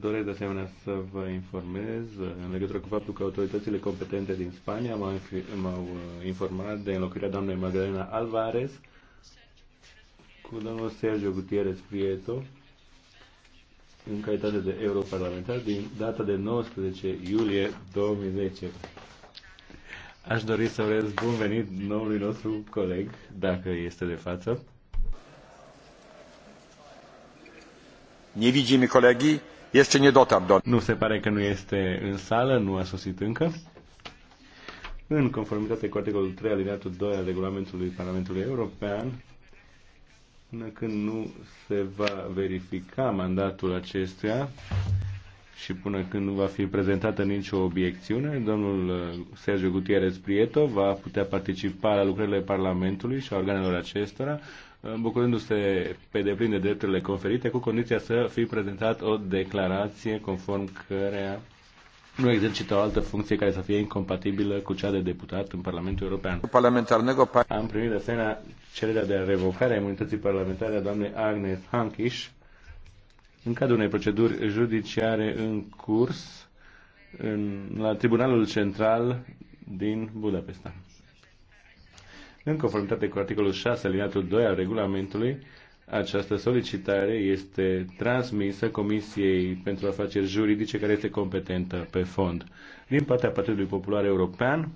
Doresc de asemenea să vă informez în legătură cu faptul că autoritățile competente din Spania m-au uh, informat de înlocuirea doamnei Magdalena Alvarez cu domnul Sergio Gutierrez Prieto în calitate de europarlamentar din data de 19 iulie 2010. Aș dori să urez bun venit noului nostru coleg, dacă este de față. Nie widzimy kolegi. Este nie dotarł do... Nu se pare că nu este în sală, nu a sosit încă. În conformitate cu articolul 3 alineatul 2 al regulamentului Parlamentului European, până când nu se va verifica mandatul acestuia, și până când nu va fi prezentată nicio obiecțiune, domnul uh, Sergio Gutierrez Prieto va putea participa la lucrările Parlamentului și a organelor acestora, uh, bucurându-se pe deplin de drepturile conferite, cu condiția să fi prezentat o declarație conform cărea nu exercită o altă funcție care să fie incompatibilă cu cea de deputat în Parlamentul European. Parlamentar Am primit de asemenea cererea de revocare a imunității parlamentare a doamnei Agnes Hankish, în cadrul unei proceduri judiciare în curs în, la Tribunalul Central din Budapesta. În conformitate cu articolul 6, aliniatul 2 al regulamentului, această solicitare este transmisă Comisiei pentru Afaceri Juridice, care este competentă pe fond. Din partea Partidului Popular European,